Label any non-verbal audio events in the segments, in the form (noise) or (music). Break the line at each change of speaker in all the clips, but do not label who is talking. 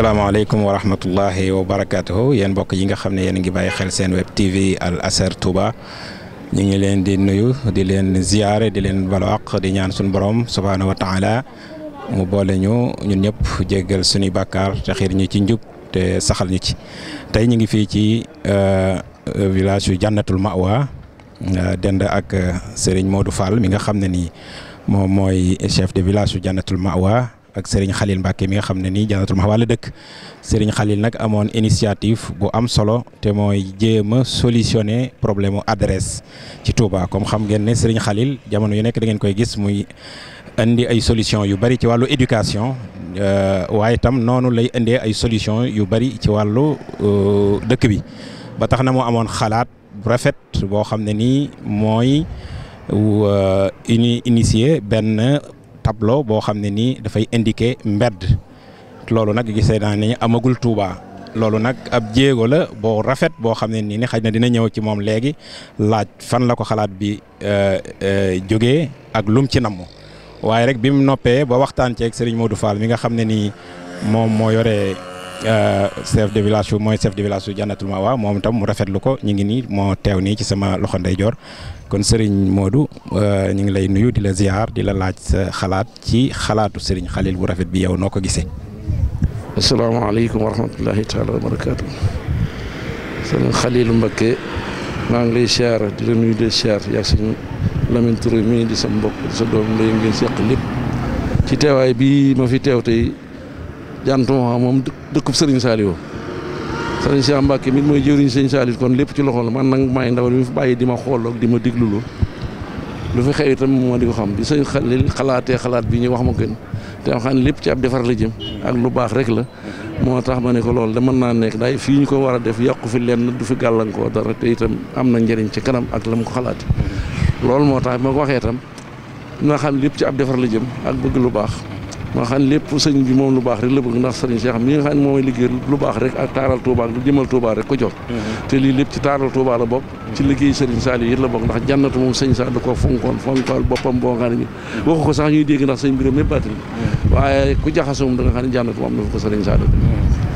asalaamaaleykum wa rahmatullahi wa barakaatuhu yéen mbokk yi nga xam ne yéen ngi bàyyi xel seen web TV Al Azhar Touba ñu ngi leen di nuyu di leen ziyaare di leen balaq di ñaan suñu borom subhaanahu wa taala mu boole ñu ñun ñëpp jéggal suñuy bàkkaar te xiir ñu ci njub te saxal ñu ci tey ñu ngi fii ci euh, village yu Jannatul Mawa euh, dend ak euh, Serigne Modou Fall mi nga xam ne nii moom mooy chef de village yu Jannatul Mawa ak Serigne Khalil Mbacke mi nga xam ne nii Jannatul Mahwa la dëkk Serigne Khalil nag amoon initiative bu am solo te mooy jéem a solutionner problème mu adresse ci Touba comme xam ngeen ne Serigne xalil jamono yu nekk da ngeen koy gis muy indi ay solution yu bari ci wàllu éducation euh, waaye itam noonu lay indee ay solution yu bari ci wàllu euh, dëkk bi ba tax na mu amoon xalaat rafet boo xam ne nii mooy euh, ini initier benn. tableau boo xam ne nii dafay indiquer mbedd loolu nag gisee naa ne amagul Touba loolu nag ab jéego la boo rafet boo xam ne nii ni xaj na dina ñëw ci moom léegi laaj fan la ko xalaat bi euh, euh, jóge ak lum ci namm waaye rek bi mu noppee ba waxtaan ceeg Serigne Modou Fall mi nga xam ne nii moom moo yore. Euh, chef de village su mooy chef de village su Jannatul Mawa moom itam ko ñu ngi nii moo teew nii ci sama loxo ndeyjoor kon Serigne Modou euh, ñu ngi lay nuyu di la ziar di la laaj sa xalaat ci xalaatu sëriñ Khalil bu rafet bi yow noo ko gisee.
asalaamaaleykum wa rahmatulahi taala wa barakaatu. Serigne Khalil Mbacké maa ngi lay ziar di la nuyu di ziar yaa suñu Lamine Touré mii di sa mbokk sa doom lay ngeen seq lépp ci teewaay bi ma fi teew tey. Jantumaa moom dëkkub Serigne Saliou Serigne Cheikh Mbacke mi mooy jëwriñ sëñ Saliou kon lépp ci loxo la man nag maay ndawal mi fi bàyyi di ma xool di ma diglulu lu fi xew itam moo di bi sëñ Xalil xalaatee xalaat bi ñu wax ma gën te xam lépp ci ab defar la jëm ak lu baax rek la moo tax ma ne ko loolu da mën naa nekk daay fii ñu ko war a def yàqu fi lenn du fi gàllankoor dara te itam am na njariñ ci kanam ak la mu ko xalaat loolu moo tax bi ma ko waxee itam na xam lépp ci ab defar la jëm ak bëgg lu baax ma xam lépp sëñ bi moom lu baax rek la bëgg ndax sëriñ Cheikh mi nga lu baax rek ak taaral Touba ak lu jëmal Touba rek ko jox mm-hmm. te lii lépp mm-hmm. liggéey sëriñ Saliou it la bokk ndax jannatu moom sëñ Saliou ko fonkoon fonkoon boppam boo xam ne mm-hmm. waxu ko sax ñuy dégg ndax sëñ mbiram mépp baatin waaye ku jaxasoom da nga xam ne jannatu moom dafa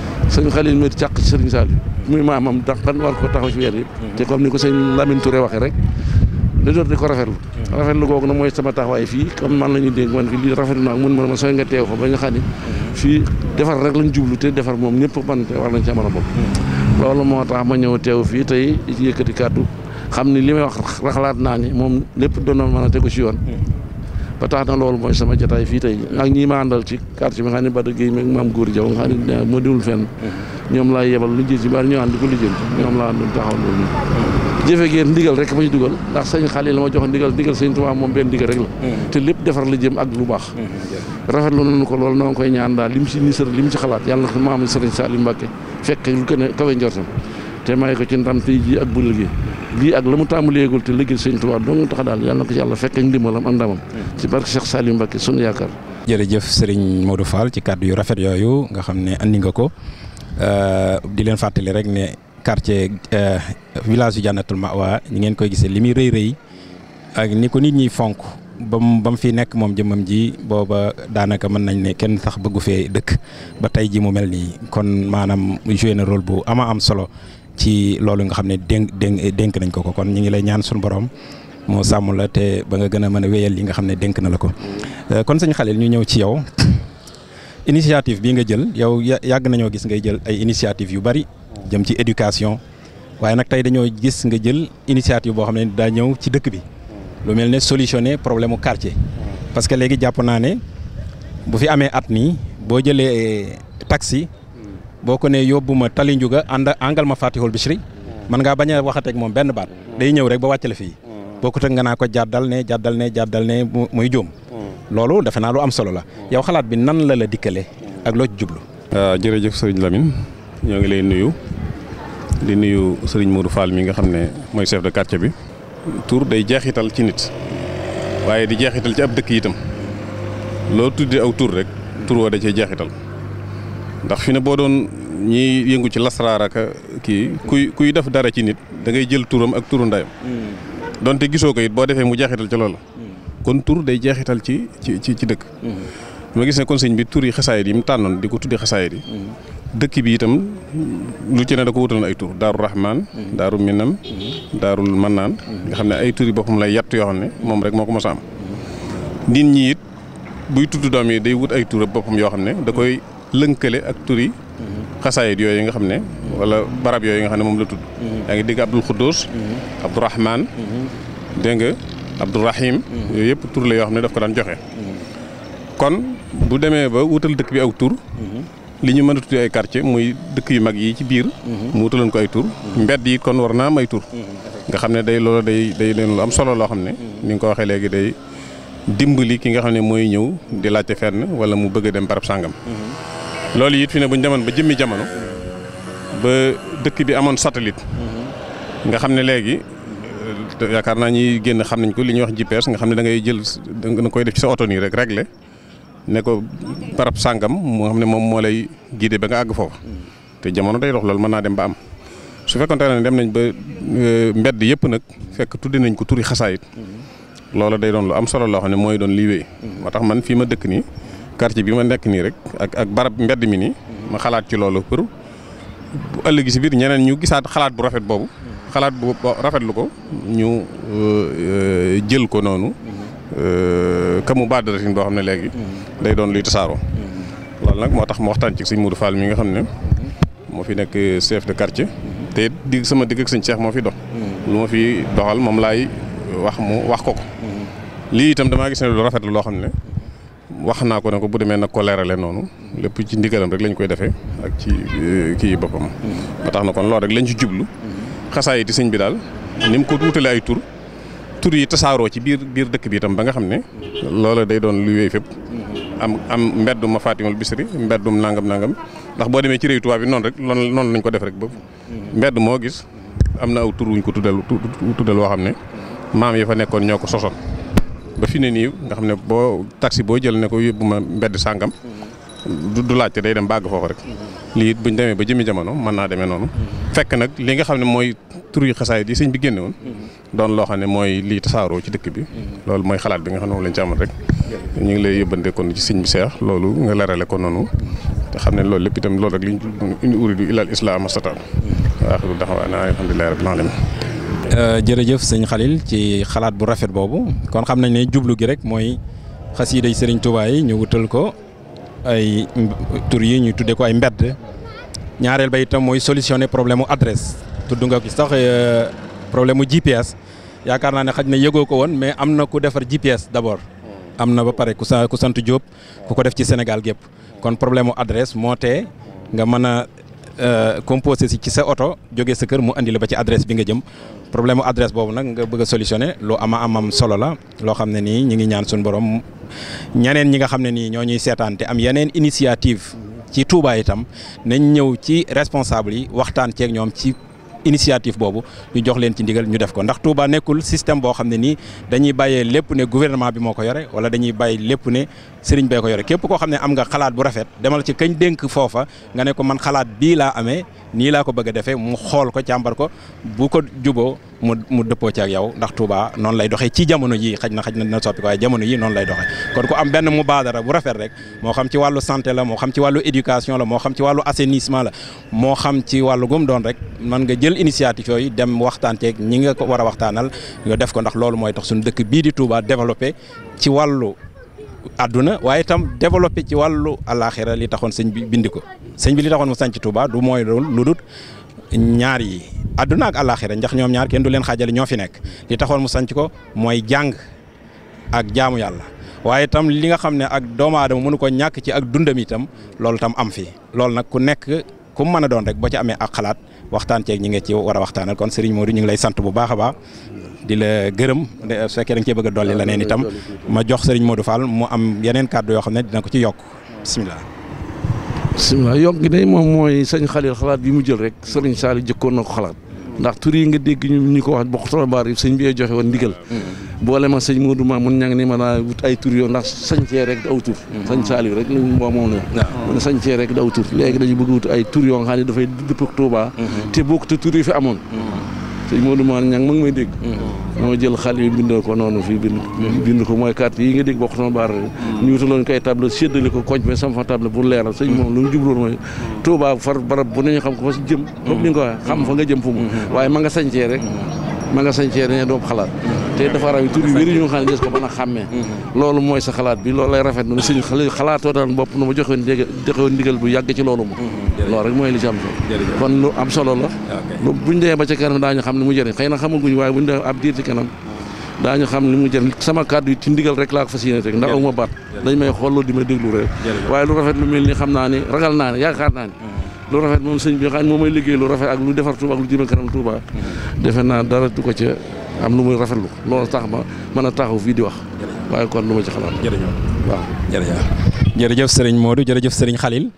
ma càq ci sëriñ Saliou muy maamam dax kan war ko taxaw ci weer yëpp te comme ni ko sëñ Lamine Touré waxee rek dëgër di ko rafetlu hmm. rafetlu googu na mooy sama taxawaay fii comme man la ñuy dénk man lii rafetlu naa mun ma ma sooy nga teew fa ba nga xam ne hmm. fii defar rek lañ jublu te defar moom ñëpp man te war nañ ca mën a hmm. moo tax ma ñëw teew fii tey ci yëkkati xam ni li may wax raxalaat naa ni moom lépp doon na mën a tegu si yoon ba tax na loolu mooy sama jataay fii tey ak ñi ma àndal ci quartier bi nga xam ne Bada Gueye meeg maam Góor Jaw moo diwul fen ñoom laa yebal lu jël si bari ñu ànd ko lijjanti ñoom laa àndul taxaw loolu jëfe ngeen ndigal rek ma ñu dugal ndax sëñ Xalil la ma jox ndigal ndigal sëñ moom benn ndigal rek la mm-hmm. te lépp defar la jëm ak lu baax mm-hmm. rafetlu nañu ko loolu na nga koy ñaan daal li mu ci nisar li mu ci xalaat yàlla na ko a kawe njortam ci ndam tey jii ak bu liggéey lii ak la mu tàmbaleegul te liggéey sëñ Tuubaa dong tax daal yàlla na ko ci yàlla fekk ak ndimbalam ak ndamam mm-hmm. ci barke Cheikh Saliou Mbacke sunu yaakaar
jërëjëf Serigne Modou Fall ci kàddu yu rafet yooyu nga xam ne andi nga ko euh, di leen fàttali rek ne quartier euh, village yu Jannatul Ma'wa ñi ngeen koy gisee li muy rëy rëy ak ni ko nit ñi fonk ba mu ba mu fi nekk moom jëmmam ji booba daanaka mën nañ ne kenn sax bëggu fee dëkk ba tey ji mu mel nii kon maanaam joué na rôle bu ama am solo ci loolu nga xam ne dénk dénk nañ ko ko kon ñu ngi lay ñaan suñu borom moo sàmm la te ba nga gën a mën a wéyal li nga xam ne dénk na la ko euh, kon sëñ Khalil ñu ñëw ci yow (coughs) initiative bii nga jël yow yàgg nañoo gis ngay jël ay initiative yu bari jëm ci éducation waaye nag tey dañoo gis nga jël initiative boo xam ne daa ñëw ci dëkk bi lu mel ne solutionner problème mu quartier parce que léegi jàpp naa ne bu fi amee at nii boo jëlee eh, taxi boo ko ne yóbbu ma Tali Ndiouga ànd àngal ma Fatihul Bichri mën ngaa bañ a waxateeg moom benn baat day ñëw rek ba wàcc fii boo ko tëg nga naa ko jàddal ne jàddal ne jàddal ne muy jóom loolu defe naa lu am solo la yow xalaat bi nan la la dikkale ak
loo ci euh, jërëjëf sëriñ Lamine ñoo ngi lay nuyu di nuyu sëriñ Modou Fall mi nga xam ne mooy chef de quartier bi. tur day jeexital ci nit waaye di jeexital ci ab dëkk itam loo tudde aw tur rek tur woo da cee jeexital ndax fi ne boo doon ñiy yëngu ci lasraar ak kii kuy kuy def dara ci nit da ngay jël turam ak tur ndayam
hmm.
donte gisoo ko it boo defee mu jeexital ci loolu.
Hmm.
kon tur day jeexital ci ci ci dëkk. Hmm. ma gis ne kon sëñ bi tur yi xasaayit yi mu tànnoon di ko tuddee xasaayit yi. dëkk bi itam lu ci ne da ko wutaloon ay tur daaru Rahman. Mm-hmm. daaru Minam. Mm-hmm. daarul Mannaan. Mm-hmm. nga xam ne ay tur yi boppam lay yatt yoo xam ne moom rek moo ko mosaam nit ñi it buy tudd doom yi day wut ay tur boppam yoo xam ne da koy lënkale ak turi yi. xasaayit yooyu nga xam ne. wala barab yooyu nga xam ne moom la tudd. yaa ngi dégg Abdul Khoudous. Abdou Rahman. dégg nga Abdou Rahim. yooyu yëpp tur la yoo xam ne daf ko daan joxe. kon bu demee ba wutal dëkk bi aw tur. li ñu mën a tuddee ay karce muy dëkk yu mag yi ci biir. Mhm. mu wutaloon ko ay tur. Mhm. mbedd yi kon war naa am ay tur. Mhm. nga xam ne day loolu day day leen lu am solo loo xam ne. ni nga ko waxee léegi day dimbali ki nga xam ne mooy ñëw di laajte fenn wala mu bëgg dem barab sàngam. loolu it fi ne bu ñu demoon ba jëmmi jamono. ba dëkk bi amoon satellite. nga xam ne léegi. yaakaar naa ñi génn xam nañ ko li ñu wax GPS nga xam ne da ngay jël da nga koy def ci sa oto nii rek réglé ne ko barab sàngam moo xam ne moom moo lay guider ba nga àgg foofu te jamono day dox loolu mën naa dem ba am su fekkonte ne dem nañ ba euh, mbedd yëpp nag fekk tuddi nañ ko turi xasaayit loolu day doon lu am solo loo xam ne mooy doon lii wéy moo tax man fii ma dëkk nii quartier bi ma nekk nii rek ak ak barab mbedd mi nii ma xalaat ci loolu pour bu ëllëg si biir ñeneen ñu gisaat xalaat bu rafet boobu xalaat bu rafetlu ko ñu euh, euh, jël ko noonu Euh, kamu baadaratin boo xam ne léegi. day doon luy tasaaroo. loolu nag moo tax ma waxtaan ci sëñ Moudou Fall mi nga xam ne. moo fi nekk chef de quartier. te di sama digg ak sëñ Cheikh moo fi dox. lu ma fi doxal moom laay wax mu wax ko ko. lii itam damaa gis ne lu rafet la loo xam ne. wax naa ko ne ko bu demee nag ko leerale noonu lépp ci ndigalam rek lañ koy defee ak ci euh, kii boppam. ba tax na kon lool rek lañ ci jublu. xasaa xasaayiti sëñ bi daal ni ko wutalee ay tur yi tasaaroo ci biir biir dëkk bi tam ba nga xam ne loola day doon lu wéy fépp am am mbeddum ma faatimal bisri mbeddum nangam nangam ndax boo demee ci réew tubaab bi noonu rek noonu noonu lañ ko def rek ba moo gis am na aw tur wuñ ko tuddal tuddal woo xam ne maam yi fa nekkoon ñoo ko sosoon ba fi ne nii nga xam ne boo taxi boo jël ne ko yóbbu ma mbedd sàngam du laajte day dem bàgg foofu rek lii it buñ demee ba jëmmi jamono mën naa demee noonu fekk nag li nga xam ne mooy tur yu xasaay yi sëñ bi génne mm-hmm. doon loo xam ne mooy lii tasaaroo ci dëkk bi mm-hmm. lool mooy xalaat bi nga xam ne moom lañ ci amal rek ñu ngi lay yëbbante kon ci sëñ bi seex loolu nga larale ko noonu te xam ne loolu lépp itam loolu rek liñ in uridu ilal islaam astataab mm-hmm. waaxiru daxwaana alhamdulillahi
rabbil alamin euh, jërëjëf sëñ Xalil ci xalaat bu rafet boobu kon xam nañ ne jublu gi rek mooy xasiiday Sëriñ Tuubaa yi ñu wutal ko ay tur yi ñu tudde ko ay mbedd ñaareel ba itam mooy solutionner problème mu adresse tudd nga ko sax euh, problème mu GPS yaakaar naa ne xaj na yëgoo ko woon mais am na ku defar GPS d'abord. am na ba pare ku sa ku sant Diop ku ko def ci Sénégal gépp kon problème mu adresse moo tee nga mën a euh, composé si ci sa oto jógee sa kër mu andi la ba ci adresse bi nga jëm problème mu adresse boobu nag nga bëgg a solutionné lu ama amam solo la loo xam ne nii ñu ngi ñaan suñu borom ñeneen ñi nga xam ne nii ñoo ñuy seetaan te am yeneen initiative ci Touba itam nañ ñëw ci responsable yi waxtaan ceeg ñoom ci initiative boobu ñu jox leen ci ndigal ñu def ko ndax Touba nekkul système boo xam ne nii dañuy bàyyee lépp ne gouvernement bi moo ko yore wala dañuy bay lépp ne sëriñ bee ko yore képp koo xam ne am nga xalaat bu rafet demal ci kañ dénk foofa nga ne ko man xalaat bii laa amee nii laa ko bëgg a defee mu xool ko càmbar ko bu ko juboo mu mu dëppoo ci ak yow ndax Touba noonu lay doxee ci jamono jii xaj na xaj na dina soppi ko waaye jamono jii noonu lay doxee kon ku am benn mu mubaadara bu rafet rek moo xam ci wàllu santé la moo xam ci wàllu éducation la moo xam ci wàllu assainissement la moo xam ci wàllu gum doon rek mën nga jël initiative yooyu dem waxtaan teeg ñi nga ko war a waxtaanal nga def ko ndax loolu mooy tax suñu dëkk bii di Touba développé ci wàllu àdduna waaye itam développé ci wàllu àllaaxira li taxoon sëñ bi bind ko sëñ bi li taxoon mu sanc Touba du mooy loolu lu dut ñaar yi àdduna ak àllaaxira ndax ñoom ñaar kenn du leen xaajale ñoo fi nekk li taxoon mu sanc ko mooy jàng ak jaamu yàlla waaye itam li nga xam ne ak doomu aadama mënu ko ñàkk ci ak dundam itam loolu tam am fi loolu nag ku nekk kum mën a doon rek boo ci amee ak xalaat waxtaan ceeg ñi nga ci war a waxtaanal kon Serigne Modou ñu ngi lay sant bu baax a baax di la gërëm su fekkee da cee bëgg a dolli leneen itam
ma jox Serigne Modou Fall mu am yeneen kàddu yoo xam ne dina ko ci yokk bisimilah. bisimilah yokk gi day moom mooy sëñ Xalil xalaat bi mu jël rek Serigne Saliou jëkkoon na ko xalaat. ndax tur yi nga dégg ñu ñu ko wax bokk tolobaar yi sëñ bi joxe woon ndigal boole ma sëñ Modou ma mun ñang ni ma naa wut ay tur yoo ndax sañcee rek daw tur sañ Saliou rek lañ boo moom la mun sañcee rek daw tur léegi dañu bëgg wut ay tur yoo nga xam ne dafay dëpp ak Touba mm-hmm. te bokk te tur fi amoon mm-hmm. sëñ Modou Mane ñang ma ngi may dégg mm-hmm. dama jël xal yi bindoo ko noonu fii mm-hmm. bind ko mooy carte yi nga dégg bokk sama baar mm-hmm. ñu wutaloon koy table séddale ko koñ mais sama fa table pour leeral sëñ moom lu mu jubloon mooy Touba far barab bu xam ko fa si jëm comme ko waxee xam fa nga jëm fu mu waaye ma nga sañcee rek ma nga sañcee dañu doom xalaat te dafa raw tur yu wér ñu nga xam ne des ko mën a mm-hmm. loolu mooy sa xalaat bi loolu lay rafet na suñu xalaatoo daan bopp nu ma joxoon dégg joxoon ndigal bu yàgg ci loolu moo mm-hmm. loolu rek mooy li ci am kon lu am solo la lu buñ demee ba ca kanam daañu xam ne mu jëriñ xëy na xamaguñ waaye buñ demee ab diir ci kanam daañu xam ni mu jëriñ sama kàddu yi ci ndigal rek laa ko fas yéene rek ndax aw ma baat dañ may xool di ma déglu rek waaye lu rafet lu mel ni xam naa ne ragal naa ne yaakaar lu rafet moom sëñ bi nga xam ne moom mooy liggéey lu rafet ak lu defar Touba ak lu jëmale kanam Touba. defe naa dara du ko ca am lu muy rafetlu loolu tax ma mën a taxaw fii di wax waaye kon lu ma ci xalaat. jërëjëf waaw jërëjëf. jërëjëf sëriñ moodu jërëjëf sëriñ Khalil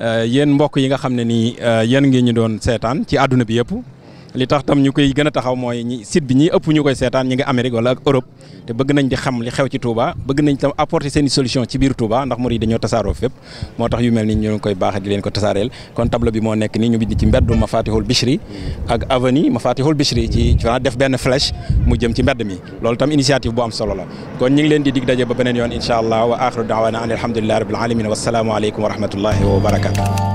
euh, yéen mbokk yi nga xam ne nii euh, yéen ngi ñu doon seetaan ci àdduna bi yëpp li tax tam ñu koy gën a taxaw mooy ñi site bi ñi ëpp ñu koy seetaan ñi ngi Amérique wala ak Europe te bëgg nañ di xam li xew ci Touba bëgg nañ tam apporter seen solution ci biir Touba ndax murid yi dañoo tasaaroo fépp moo tax yu mel ni ñu leen koy baax di leen ko tasaareel kon tableau bi moo nekk ni ñu bind ci mbeddu Mafatihul Bichri ak avenue Mafatihul Bichri ci ci ah def benn flèche mu jëm ci mbedd mi lool tam initiative bu am solo la kon ñu ngi leen di dig daje ba beneen yoon incha allah wa axiru daawaana an alhamdulillahi rabbil alamin wassalaamu aleykum wa rahmatullahi